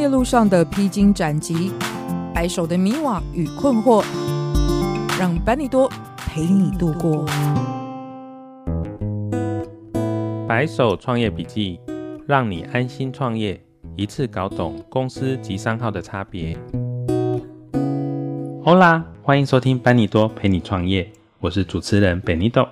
業路上的披荊斬棘，白手的迷惘與困惑，讓班尼多陪你度過。白手創業筆記，讓你安心創業，一次搞懂公司及商號的差別。好啦，歡迎收聽班尼多陪你創業，我是主持人班尼多。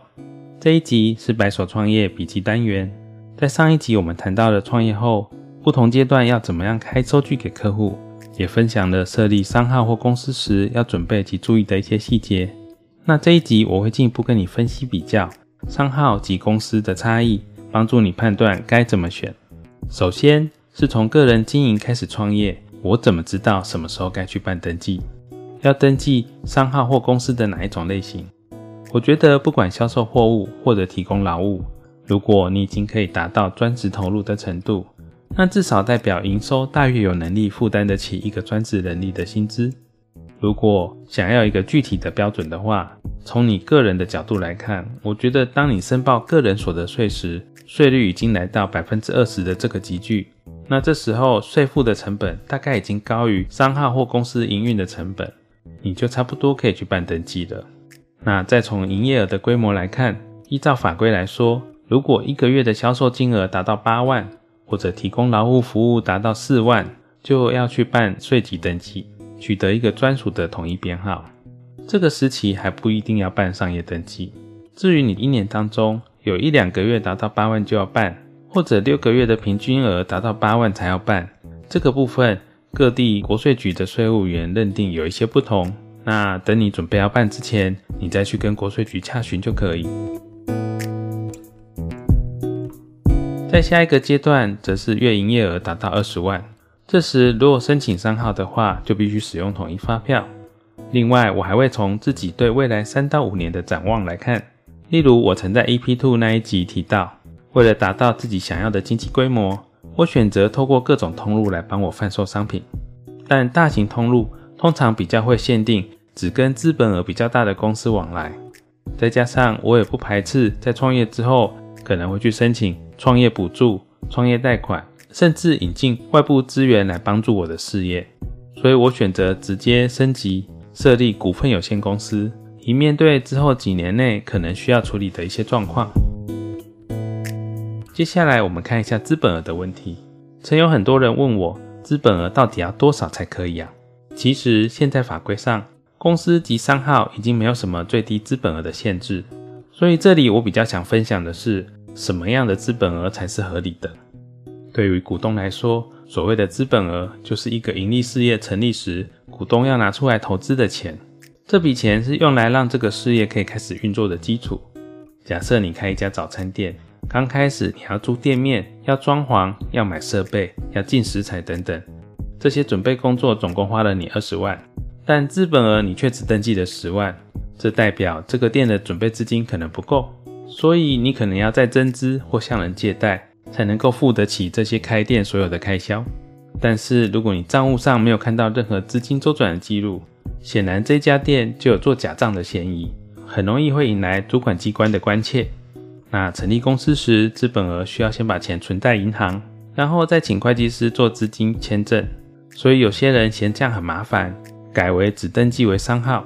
這一集是白手創業筆記單元，在上一集我們談到了創業後，不同階段要怎麼樣開收據給客戶，也分享了設立商號或公司時要準備及注意的一些細節。那這一集我會進一步跟你分析比較商號及公司的差異，幫助你判斷該怎麼選。首先是從個人經營開始創業，我怎麼知道什麼時候該去辦登記？要登記商號或公司的哪一種類型？我覺得不管銷售貨物或者提供勞務，如果你已經可以達到專職投入的程度，那至少代表營收大約有能力負擔得起一個專職人力的薪資。如果想要一個具體的標準的話，從你個人的角度來看，我覺得當你申報個人所得稅時，稅率已經來到百分之二十的這個級距。那這時候稅負的成本大概已經高於商號或公司營運的成本，你就差不多可以去辦登記了。那再從營業額的規模來看，依照法規來說，如果一個月的銷售金額達到八萬，或者提供勞務服務達到四萬，就要去辦稅籍登記，取得一個專屬的統一編號。這個時期還不一定要辦商業登記。至於你一年當中有一兩個月達到八萬就要辦，或者六個月的平均額達到八萬才要辦，這個部分各地國稅局的稅務員認定有一些不同。那等你準備要辦之前，你再去跟國稅局洽詢就可以。在下一個階段，則是月營業額達到二十萬。這時，如果申請商號的話，就必須使用統一發票。另外，我還會從自己對未來三到五年的展望來看。例如，我曾在 EP2 那一集提到，為了達到自己想要的經濟規模，我選擇透過各種通路來幫我販售商品。但大型通路通常比較會限定只跟資本額比較大的公司往來。再加上，我也不排斥在創業之後，可能會去申請創業補助、創業貸款,甚至引進外部資源來幫助我的事業，所以我選擇直接升級設立股份有限公司，以面對之後幾年內可能需要處理的一些狀況。接下來我們看一下資本額的問題。曾有很多人問我，資本額到底要多少才可以啊？其實現在法規上，公司及商號已經沒有什麼最低資本額的限制，所以這裡我比較想分享的是，什麼樣的資本額才是合理的？對於股東來說，所謂的資本額就是一個盈利事業成立時，股東要拿出來投資的錢。這筆錢是用來讓這個事業可以開始運作的基礎。假設你開一家早餐店，剛開始你要租店面、要裝潢、要買設備、要進食材等等，這些準備工作總共花了你二十萬，但資本額你卻只登記了十萬，這代表這個店的準備資金可能不夠。所以你可能要再增資或向人借貸，才能夠付得起這些開店所有的開銷。但是如果你帳戶上沒有看到任何資金周轉的記錄，顯然這家店就有做假賬的嫌疑，很容易會引來主管機關的關切。那成立公司時，資本額需要先把錢存在銀行，然後再請會計師做資金簽證。所以有些人嫌這樣很麻煩，改為只登記為商號，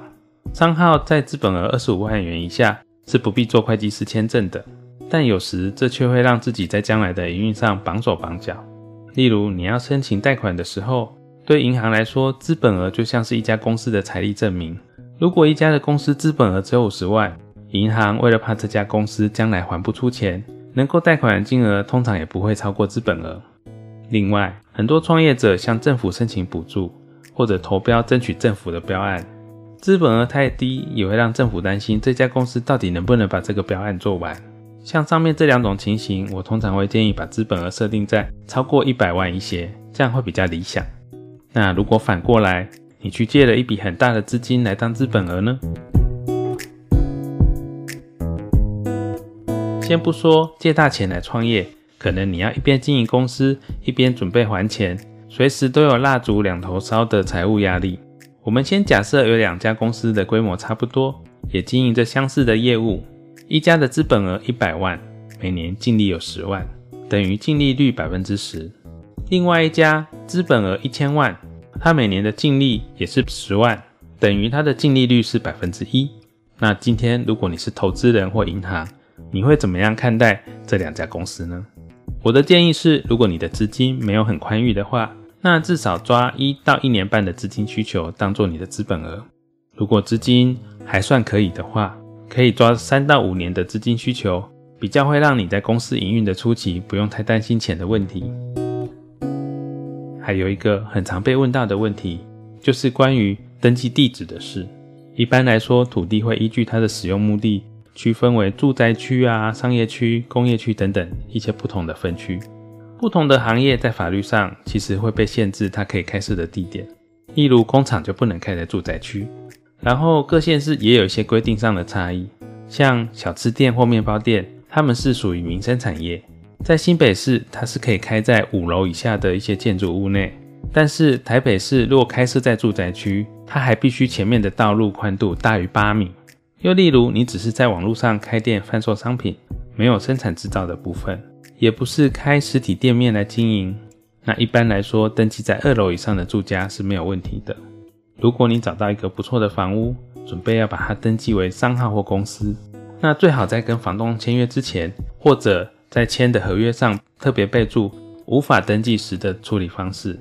商號在資本額二十五萬元以下。是不必做會計師簽證的，但有時這卻會讓自己在將來的營運上綁手綁腳。例如，你要申請貸款的時候，對銀行來說，資本額就像是一家公司的財力證明。如果一家的公司資本額只有五十萬，銀行為了怕這家公司將來還不出錢，能夠貸款的金額通常也不會超過資本額。另外，很多創業者向政府申請補助，或者投標爭取政府的標案。資本額太低，也會讓政府擔心這家公司到底能不能把這個標案做完。像上面這兩種情形，我通常會建議把資本額設定在超過一百萬一些，這樣會比較理想。那如果反過來，你去借了一筆很大的資金來當資本額呢？先不說借大錢來創業，可能你要一邊經營公司，一邊準備還錢，隨時都有蠟燭兩頭燒的財務壓力。我們先假設有兩家公司的規模差不多，也經營着相似的業務。一家的資本額一百萬，每年淨利有十萬，等於淨利率百分之十。另外一家資本額一千萬，它每年的淨利也是十萬，等於它的淨利率是百分之一。那今天如果你是投資人或銀行，你會怎麼樣看待這兩家公司呢？我的建議是，如果你的資金沒有很寬裕的話。那至少抓一到一年半的資金需求當做你的資本額，如果資金還算可以的話，可以抓三到五年的資金需求，比較會讓你在公司營運的初期不用太擔心錢的問題。還有一個很常被問到的問題，就是關於登記地址的事。一般來說，土地會依據它的使用目的，區分為住宅區啊、商業區、工業區等等一些不同的分區。不同的行業在法律上其實會被限制它可以開設的地點，例如工廠就不能開在住宅區。然後各縣市也有一些規定上的差異，像小吃店或麵包店，他們是屬於民生產業，在新北市它是可以開在五樓以下的一些建築物內，但是台北市若開設在住宅區，它還必須前面的道路寬度大於八米。又例如你只是在網絡上開店販售商品，沒有生產制造的部分。也不是開實體店面來經營，那一般來說，登記在二樓以上的住家是沒有問題的。如果你找到一個不錯的房屋，準備要把它登記為商號或公司，那最好在跟房東簽約之前，或者在簽的合約上特別備註無法登記時的處理方式。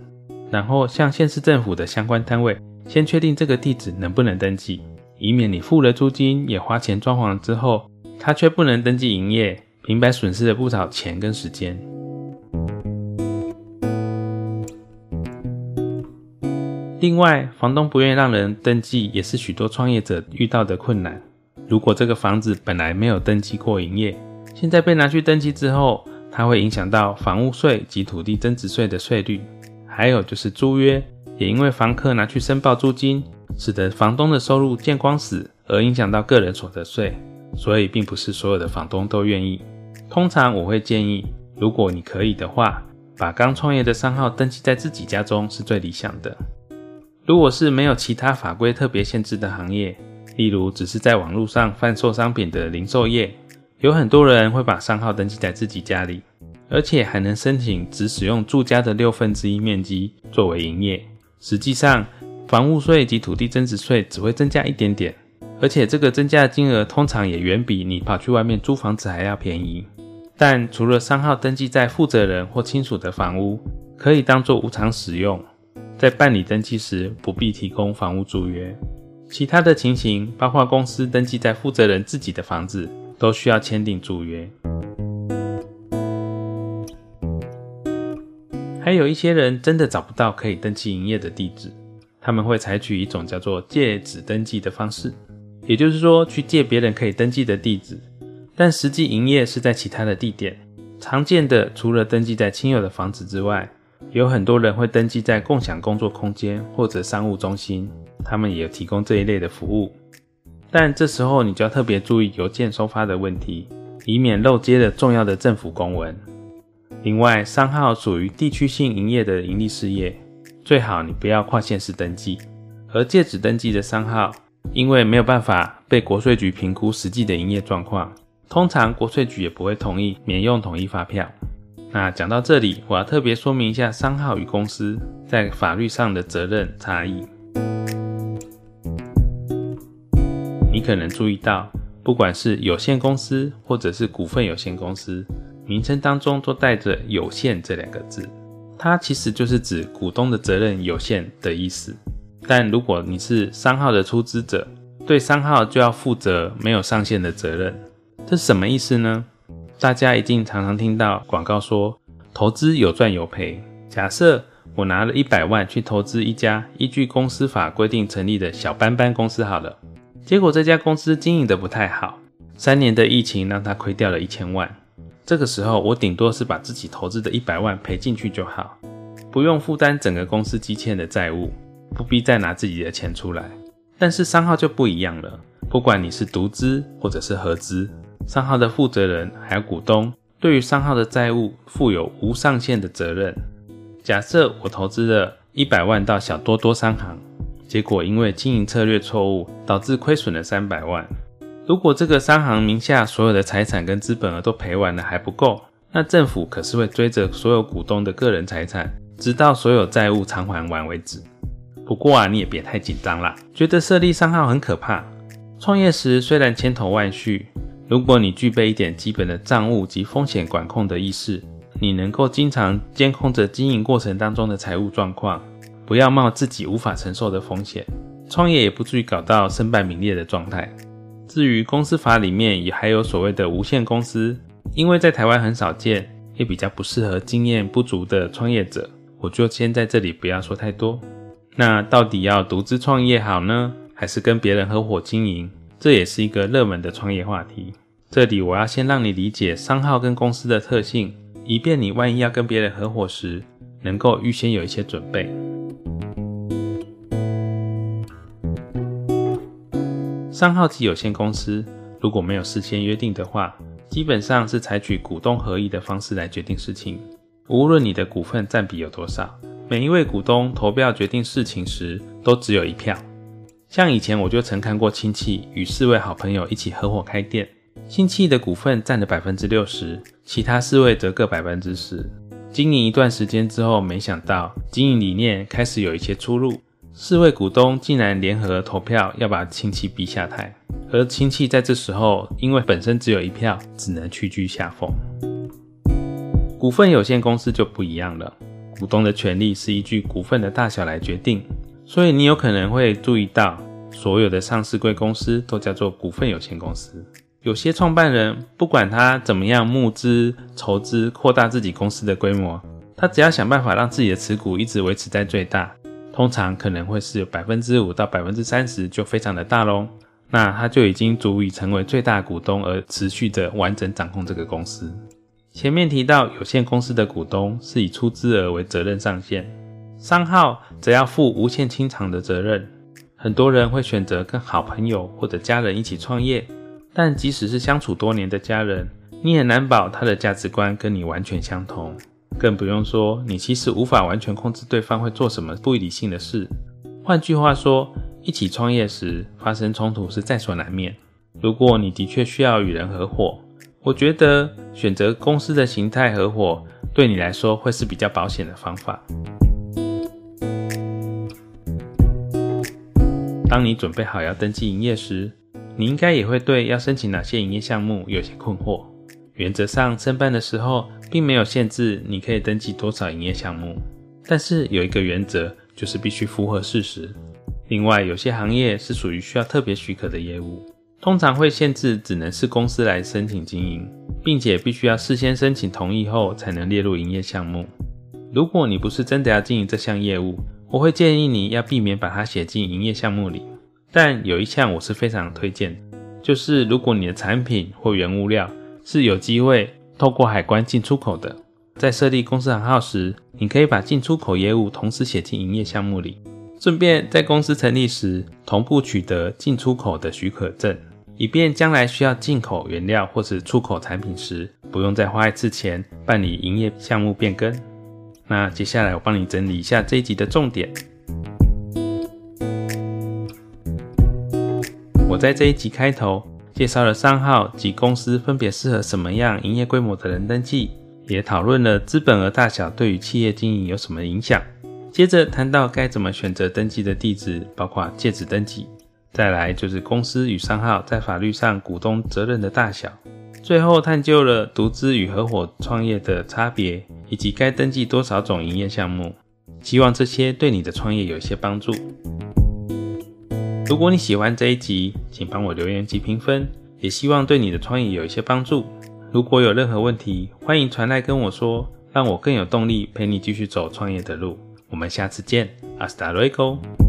然後向縣市政府的相關單位先確定這個地址能不能登記，以免你付了租金，也花錢裝潢了之後，它卻不能登記營業。平白損失了不少錢跟時間。另外，房東不願意讓人登記，也是許多創業者遇到的困難。如果這個房子本來沒有登記過營業，現在被拿去登記之後，它會影響到房屋稅及土地增值稅的稅率。還有就是租約，也因為房客拿去申報租金，使得房東的收入見光死，而影響到個人所得稅。所以，並不是所有的房東都願意。通常我會建議，如果你可以的話，把剛創業的商號登記在自己家中是最理想的。如果是沒有其他法規特別限制的行業，例如只是在網絡上販售商品的零售業，有很多人會把商號登記在自己家裡，而且還能申請只使用住家的六分之一面積作為營業。實際上，房屋稅及土地增值稅只會增加一點點，而且這個增加的金額通常也遠比你跑去外面租房子還要便宜。但除了商號登記在負責人或親屬的房屋，可以當作無償使用，在辦理登記時不必提供房屋租約；其他的情形，包括公司登記在負責人自己的房子，都需要簽訂租約。還有一些人真的找不到可以登記營業的地址，他們會採取一種叫做借址登記的方式，也就是說，去借別人可以登記的地址。但實際營業是在其他的地點。常見的除了登記在親友的房子之外，有很多人會登記在共享工作空間或者商務中心，他們也有提供這一類的服務。但這時候你就要特別注意郵件收發的問題，以免漏接了重要的政府公文。另外，商號屬於地區性營業的營利事業，最好你不要跨縣市登記。而借址登記的商號，因為沒有辦法被國稅局評估實際的營業狀況。通常國稅局也不會同意免用統一發票。那講到這裡，我要特別說明一下商號與公司在法律上的責任差異。你可能注意到，不管是有限公司或者是股份有限公司，名稱當中都帶着“有限”這兩個字，它其實就是指股東的責任有限的意思。但如果你是商號的出資者，對商號就要負責沒有上限的責任。這是什麼意思呢？大家一定常常聽到廣告說，投資有賺有賠。假設我拿了一百萬去投資一家依據公司法規定成立的小班班公司好了，結果這家公司經營得不太好，三年的疫情讓他虧掉了一千萬。這個時候我頂多是把自己投資的一百萬賠進去就好，不用負擔整個公司積欠的債務，不必再拿自己的錢出來。但是商號就不一樣了，不管你是獨資或者是合資。商號的負責人還有股東，對於商號的債務負有無上限的責任。假設我投資了一百萬到小多多商行，結果因為經營策略錯誤，導致虧損了三百萬。如果這個商行名下所有的財產跟資本額都賠完了還不夠，那政府可是會追着所有股東的個人財產，直到所有債務償還完為止。不過啊，你也別太緊張啦，覺得設立商號很可怕。創業時雖然千頭萬緒。如果你具備一點基本的賬務及風險管控的意識，你能夠經常監控着經營過程當中的財務狀況，不要冒自己無法承受的風險，創業也不至於搞到身敗名裂的狀態。至於公司法裡面也還有所謂的無限公司，因為在台灣很少見，也比較不適合經驗不足的創業者，我就先在這裡不要說太多。那到底要獨資創業好呢？還是跟別人合夥經營？這也是一個熱門的創業話題。這裡我要先讓你理解商號跟公司的特性，以便你萬一要跟別人合夥時，能夠預先有一些準備。商號及有限公司如果沒有事先約定的話，基本上是採取股東合議的方式來決定事情。無論你的股份占比有多少，每一位股東投票決定事情時都只有一票。像以前我就曾看過親戚與四位好朋友一起合夥開店。親戚的股份佔了百分之六十，其他四位則各百分之十。經營一段時間之後，沒想到經營理念開始有一些出入，四位股東竟然聯合投票要把親戚逼下台。而親戚在這時候，因為本身只有一票，只能屈居下風。股份有限公司就不一樣了，股東的權利是依據股份的大小來決定，所以你有可能會注意到，所有的上市櫃公司都叫做股份有限公司。有些創辦人不管他怎麼樣募資、籌資、擴大自己公司的規模，他只要想辦法讓自己的持股一直維持在最大，通常可能會是百分之五到百分之三十，就非常的大嘍。那他就已經足以成為最大股東，而持續地完整掌控這個公司。前面提到，有限公司的股東是以出資額為責任上限，商號則要負無限清償的責任。很多人會選擇跟好朋友或者家人一起創業。但即使是相處多年的家人，你也難保他的價值觀跟你完全相同，更不用說你其實無法完全控制對方會做什麼不理性的事。換句話說，一起創業時發生衝突是在所難免。如果你的確需要與人合夥，我覺得選擇公司的形態合夥對你來說會是比較保險的方法。當你準備好要登記營業時，你應該也會對要申請哪些營業項目有些困惑。原則上，申辦的時候並沒有限制你可以登記多少營業項目，但是有一個原則，就是必須符合事實。另外，有些行業是屬於需要特別許可的業務，通常會限制只能是公司來申請經營，並且必須要事先申請同意後才能列入營業項目。如果你不是真的要經營這項業務，我會建議你要避免把它寫進營業項目裡。但有一項我是非常推薦的，就是如果你的產品或原物料是有機會透過海關進出口的，在設立公司行號時，你可以把進出口業務同時寫進營業項目裡，順便在公司成立時同步取得進出口的許可證，以便將來需要進口原料或是出口產品時，不用再花一次錢辦理營業項目變更。那接下來我幫你整理一下這一集的重點。在這一集開頭介紹了商號及公司分別適合什麼樣營業規模的人登記，也討論了資本額大小對於企業經營有什麼影響。接着談到該怎麼選擇登記的地址，包括借址登記。再來就是公司與商號在法律上股東責任的大小。最後探究了獨資與合夥創業的差別，以及該登記多少種營業項目。希望這些對你的創業有一些幫助。如果你喜歡這一集，請幫我留言及評分，也希望對你的創業有一些幫助。如果有任何問題，歡迎傳來跟我說，讓我更有動力陪你繼續走創業的路。我們下次見，Hasta luego。